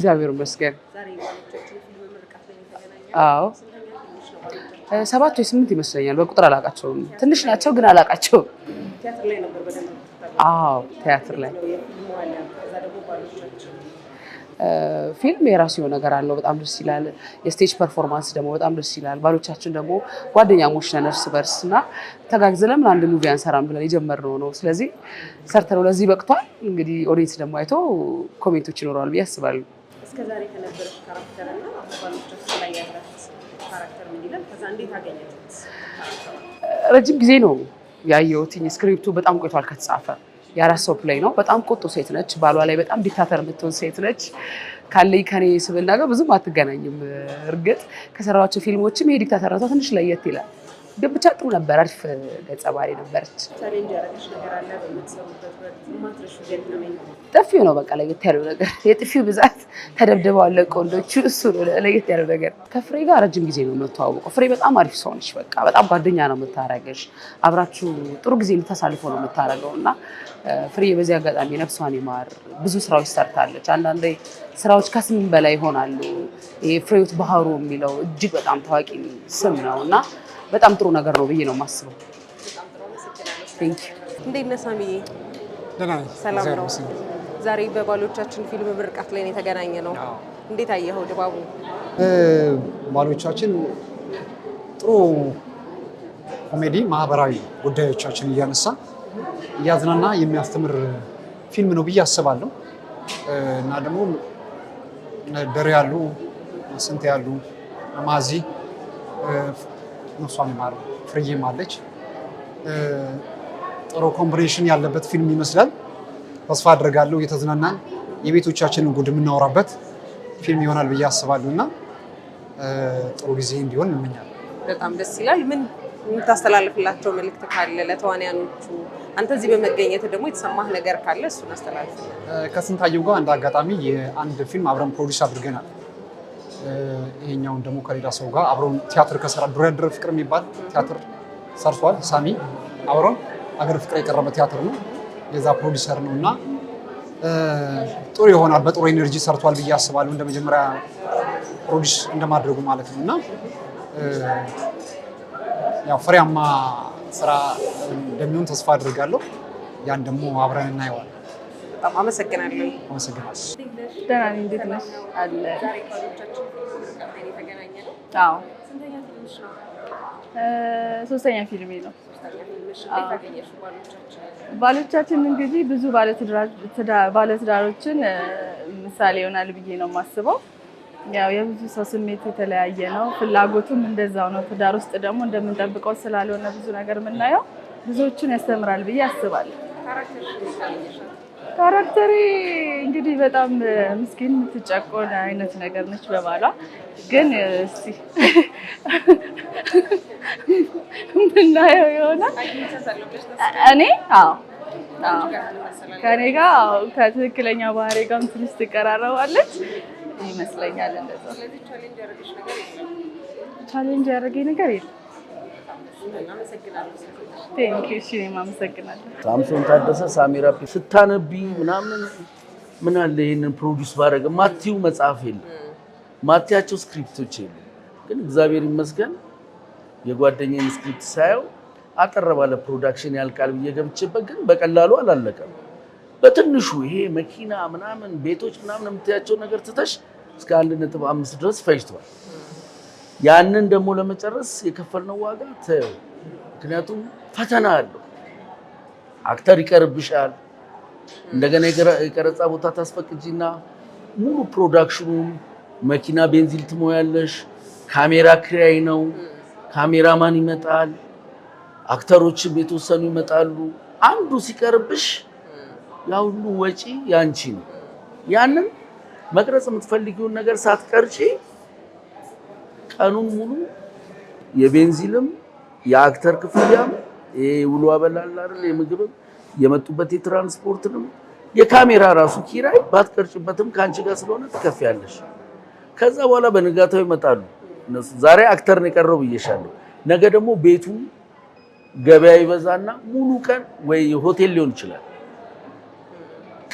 እግዚአብሔር ይመስገን። አዎ ሰባት ወይ ስምንት ይመስለኛል። በቁጥር አላውቃቸውም። ትንሽ ናቸው ግን አላውቃቸውም። አዎ ቲያትር ላይ ፊልም የራሱ የሆነ ነገር አለው። በጣም ደስ ይላል። የስቴጅ ፐርፎርማንስ ደግሞ በጣም ደስ ይላል። ባሎቻችን ደግሞ ጓደኛሞች ነን እርስ በርስ እና ተጋግዘን ለምን አንድ ሙቪ አንሰራም ብለን የጀመርነው ነው። ስለዚህ ሰርተነው ለዚህ በቅቷል። እንግዲህ ኦዲየንስ ደግሞ አይቶ ኮሜንቶች ይኖረዋል ብዬ አስባለሁ። እስከዛሬ ከነበረች ካራክተር እና አባሎቻችን ላይ ያላት ካራክተር ምን ይላል? ከዛ እንዴት አገኘት? ረጅም ጊዜ ነው ያየሁትኝ። ስክሪፕቱ በጣም ቆይቷል ከተጻፈ። የአራት ሰው ፕሌይ ነው። በጣም ቁጡ ሴት ነች። ባሏ ላይ በጣም ዲክታተር የምትሆን ሴት ነች። ካለኝ ከኔ ስብዕና ጋር ብዙም አትገናኝም። እርግጥ ከሰራኋቸው ፊልሞችም ይሄ ዲክታተርነቷ ትንሽ ለየት ይላል። ግን ብቻ ጥሩ ነበር። አሪፍ ገጸ ባህሪ ነበረች። ጥፊው ነው በቃ ለየት ያለው ነገር፣ የጥፊው ብዛት ተደብድበዋለ ቆንዶቹ። እሱ ለየት ያለው ነገር። ከፍሬ ጋር ረጅም ጊዜ ነው የምትዋወቀው። ፍሬ በጣም አሪፍ ሰው ነች። በቃ በጣም ጓደኛ ነው የምታረገሽ። አብራችሁ ጥሩ ጊዜ የምታሳልፎ ነው የምታረገው እና ፍሬ በዚህ አጋጣሚ ነፍሷን ይማር። ብዙ ስራዎች ሰርታለች። አንዳንዴ ስራዎች ከስም በላይ ይሆናሉ። ፍሬዎት ባህሩ የሚለው እጅግ በጣም ታዋቂ ስም ነው እና በጣም ጥሩ ነገር ነው ብዬ ነው የማስበው። እንዴት ነህ ሳሚዬ? ሰላም ነው። ዛሬ በባሎቻችን ፊልም ምርቃት ላይ የተገናኘ ነው። እንዴት አየኸው ድባቡ? ባሎቻችን ጥሩ ኮሜዲ፣ ማህበራዊ ጉዳዮቻችን እያነሳ እያዝናና የሚያስተምር ፊልም ነው ብዬ አስባለሁ እና ደግሞ ደሬ ያሉ ስንት ያሉ ማዚ ነፍሷን ማር ፍሬዬም አለች። ጥሩ ኮምቢኔሽን ያለበት ፊልም ይመስላል። ተስፋ አድርጋለሁ የተዝናናን የቤቶቻችንን ጉድ የምናወራበት ፊልም ይሆናል ብዬ አስባለሁ እና ጥሩ ጊዜ እንዲሆን እንመኛለን። በጣም ደስ ይላል። ምን የምታስተላልፍላቸው መልእክት ካለ ለተዋንያኖቹ፣ አንተ እዚህ በመገኘት ደግሞ የተሰማህ ነገር ካለ እሱን አስተላልፍ። ከስንታየው ጋር አንድ አጋጣሚ የአንድ ፊልም አብረን ፕሮዲስ አድርገናል ይሄኛውን ደግሞ ከሌላ ሰው ጋር አብረውን ቲያትር ከሰራ ድሬድር ፍቅር የሚባል ቲያትር ሰርቷል። ሳሚ አብረውን አገር ፍቅር የቀረበ ቲያትር ነው። የዛ ፕሮዲሰር ነው እና ጥሩ ይሆናል። በጥሩ ኤነርጂ ሰርቷል ብዬ አስባለሁ። እንደ መጀመሪያ ፕሮዲስ እንደማድረጉ ማለት ነው እና ያው ፍሬያማ ስራ እንደሚሆን ተስፋ አድርጋለሁ። ያን ደግሞ አብረን እናየዋለን። በጣም አመሰግናለሁ። ደህና ነኝ። እንዴት ነሽ? አለ ሶስተኛ ፊልሜ ነው። ባሎቻችን እንግዲህ ብዙ ባለትዳሮችን ምሳሌ ይሆናል ብዬ ነው የማስበው። ያው የብዙ ሰው ስሜት የተለያየ ነው፣ ፍላጎቱም እንደዛው ነው። ትዳር ውስጥ ደግሞ እንደምንጠብቀው ስላልሆነ ብዙ ነገር የምናየው ብዙዎችን ያስተምራል ብዬ አስባለሁ። ካራክተሪ እንግዲህ በጣም ምስኪን የምትጨቆን አይነት ነገር ነች በባሏ። ግን እስቲ ምናየው የሆነ እኔ አዎ ከኔ ጋር ከትክክለኛ ባህሪ ጋር ትንሽ ትቀራረባለች ይመስለኛል። እንደዛ ቻሌንጅ ያደረገኝ ነገር የለም ሳምሶን ታደሰ ሳሚራ ስታነቢ ምናምን ምን አለ ይህንን ፕሮዲስ ባደረገ ማቲው መጽሐፍ የለም ማቲያቸው ስክሪፕቶች የለ ግን እግዚአብሔር ይመስገን የጓደኛዬን ስክሪፕት ሳየው አጠር ባለ ፕሮዳክሽን ያልቃል ብዬ ገብቼበት ግን በቀላሉ አላለቀም። በትንሹ ይሄ መኪና ምናምን ቤቶች ምናምን የምታያቸው ነገር ትተሽ እስከ አንድ ነጥብ አምስት ድረስ ፈጅቷል። ያንን ደግሞ ለመጨረስ የከፈልነው ዋጋ ተው። ምክንያቱም ፈተና አለው። አክተር ይቀርብሻል። እንደገና የቀረጻ ቦታ ታስፈቅጂና ሙሉ ፕሮዳክሽኑን መኪና ቤንዚል ትሞያለሽ። ካሜራ ክራይ ነው። ካሜራማን ይመጣል። አክተሮችም የተወሰኑ ይመጣሉ። አንዱ ሲቀርብሽ ያ ሁሉ ወጪ ያንቺ ነው። ያንን መቅረጽ የምትፈልጊውን ነገር ሳትቀርጪ ቀኑን ሙሉ የቤንዚልም የአክተር ክፍያም ውሎ አበላል አይደል የምግብም የመጡበት የትራንስፖርትንም የካሜራ ራሱ ኪራይ ባትቀርጭበትም ከአንቺ ጋር ስለሆነ ትከፍያለሽ። ከዛ በኋላ በንጋታው ይመጣሉ እነሱ። ዛሬ አክተር ነው የቀረው ብዬሻለሁ። ነገ ደግሞ ቤቱ ገበያ ይበዛና ሙሉ ቀን ወይ ሆቴል ሊሆን ይችላል።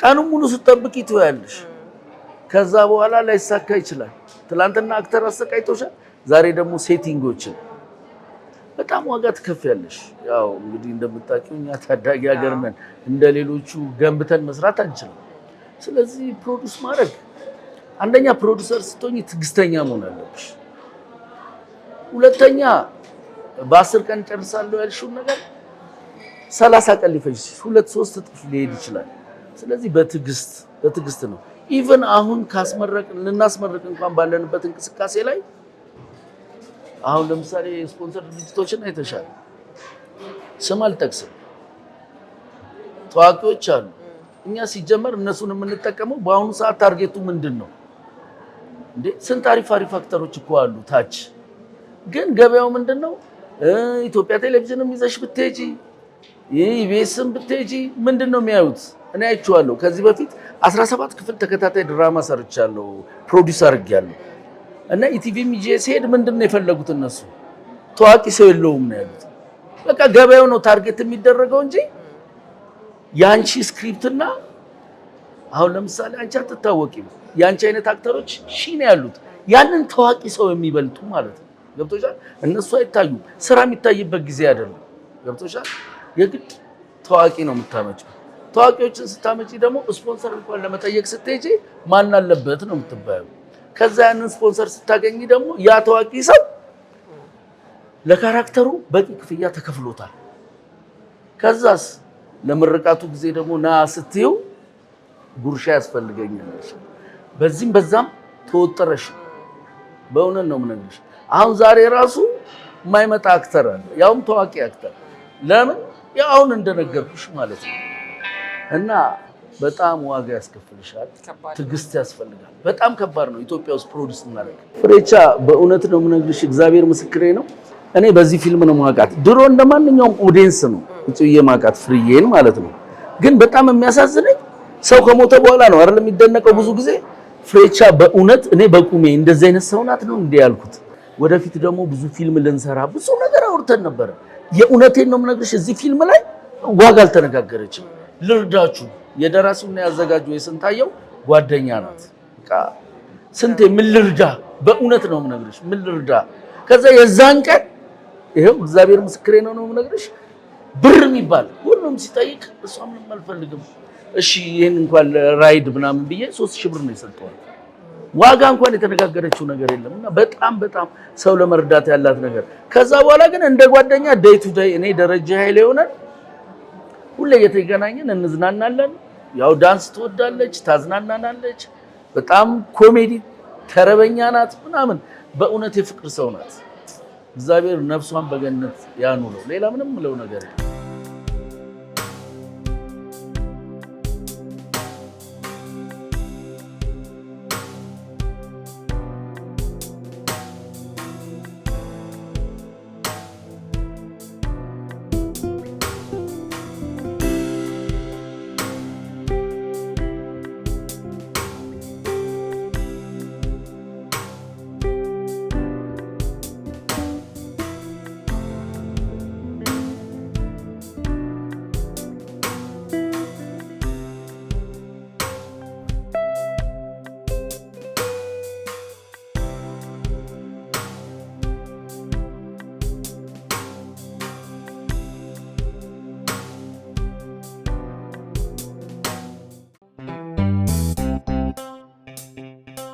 ቀኑን ሙሉ ስጠብቂ ትወያለሽ። ከዛ በኋላ ላይሳካ ይችላል። ትናንትና አክተር አሰቃይቶሻል። ዛሬ ደግሞ ሴቲንጎችን በጣም ዋጋ ትከፍያለሽ። ያው እንግዲህ እንደምታውቂው እኛ ታዳጊ ሀገር ነን፣ እንደ ሌሎቹ ገንብተን መስራት አንችልም። ስለዚህ ፕሮዱስ ማድረግ አንደኛ ፕሮዲሰር ስትሆኝ ትዕግስተኛ መሆን አለብሽ። ሁለተኛ በአስር ቀን ጨርሳለሁ ያልሽውን ነገር ሰላሳ ቀን ሊፈጅ ሁለት ሶስት እጥፍ ሊሄድ ይችላል። ስለዚህ በትዕግስት በትዕግስት ነው ኢቨን አሁን ካስመረቅ ልናስመረቅ እንኳን ባለንበት እንቅስቃሴ ላይ አሁን ለምሳሌ የስፖንሰር ድርጅቶችን አይተሻል። ስም አልጠቅስም። ታዋቂዎች አሉ። እኛ ሲጀመር እነሱን የምንጠቀመው በአሁኑ ሰዓት ታርጌቱ ምንድን ነው እንዴ? ስንት አሪፍ አሪፍ እኮ አሉ። ታች ግን ገበያው ምንድን ነው? ኢትዮጵያ ቴሌቪዥንም ይዘሽ ብትሄጂ ኢቢኤስም ብትሄጂ ምንድን ነው የሚያዩት? እኔ አይቼዋለሁ። ከዚህ በፊት 17 ክፍል ተከታታይ ድራማ ሰርቻለሁ፣ ፕሮዲውስ አድርጌያለሁ። እና ኢቲቪም ይዤ ሲሄድ ምንድን ነው የፈለጉት እነሱ ታዋቂ ሰው የለውም ነው ያሉት። በቃ ገበያው ነው ታርጌት የሚደረገው እንጂ የአንቺ ስክሪፕትና አሁን ለምሳሌ አንቺ አትታወቂም። የአንቺ አይነት አክተሮች ሺ ነው ያሉት፣ ያንን ታዋቂ ሰው የሚበልጡ ማለት ነው። ገብቶሻል? እነሱ አይታዩም። ስራ የሚታይበት ጊዜ አይደለም። ገብቶሻል? የግድ ታዋቂ ነው የምታመጪው። ታዋቂዎችን ስታመጪ ደግሞ ስፖንሰር እንኳን ለመጠየቅ ስትሄጂ ማን አለበት ነው የምትባየው። ከዛ ያንን ስፖንሰር ስታገኝ ደግሞ ያ ታዋቂ ሰው ለካራክተሩ በቂ ክፍያ ተከፍሎታል። ከዛስ ለምርቃቱ ጊዜ ደግሞ ና ስትዩ ጉርሻ ያስፈልገኛል። በዚህም በዛም ተወጠረሽ። በእውነት ነው የምነግርሽ። አሁን ዛሬ ራሱ የማይመጣ አክተር አለ፣ ያውም ታዋቂ አክተር። ለምን? ያው አሁን እንደነገርኩሽ ማለት ነው እና በጣም ዋጋ ያስከፍልሻል። ትግስት ያስፈልጋል። በጣም ከባድ ነው። ኢትዮጵያ ውስጥ ፕሮዲስ እናደርግ ፍሬቻ፣ በእውነት ነው የምነግርሽ፣ እግዚአብሔር ምስክሬ ነው። እኔ በዚህ ፊልም ነው ማውቃት። ድሮ እንደ ማንኛውም ኦዲየንስ ነው እጽዬ ማውቃት፣ ፍርዬን ማለት ነው። ግን በጣም የሚያሳዝነኝ ሰው ከሞተ በኋላ ነው አይደል የሚደነቀው ብዙ ጊዜ። ፍሬቻ በእውነት እኔ በቁሜ እንደዚህ አይነት ሰው ናት ነው እንዲህ ያልኩት። ወደፊት ደግሞ ብዙ ፊልም ልንሰራ ብዙ ነገር አውርተን ነበረ። የእውነቴን ነው የምነግርሽ እዚህ ፊልም ላይ ዋጋ አልተነጋገረችም። ልርዳችሁ። የደራሲውና ያዘጋጁ የስንታየው ጓደኛ ናት። ስንቴ ምን ልርዳ፣ በእውነት ነው የምነግርሽ፣ ምን ልርዳ። ከዛ የዛን ቀን ይሄው እግዚአብሔር ምስክሬ ነው ነው የምነግርሽ፣ ብር የሚባል ሁሉም ሲጠይቅ እሷ ምንም አልፈልግም፣ እሺ ይህን እንኳን ራይድ ምናምን ብዬ ሶስት ሺህ ብር ነው የሰጠዋል። ዋጋ እንኳን የተነጋገረችው ነገር የለም። እና በጣም በጣም ሰው ለመርዳት ያላት ነገር። ከዛ በኋላ ግን እንደ ጓደኛ ዴይ ቱ ዴይ እኔ ደረጀ ኃይሌ የሆነን ሁሌ እየተገናኘን እንዝናናለን። ያው ዳንስ ትወዳለች፣ ታዝናናናለች። በጣም ኮሜዲ ተረበኛ ናት ምናምን። በእውነት የፍቅር ሰው ናት። እግዚአብሔር ነፍሷን በገነት ያኑረው። ሌላ ምንም ምለው ነገር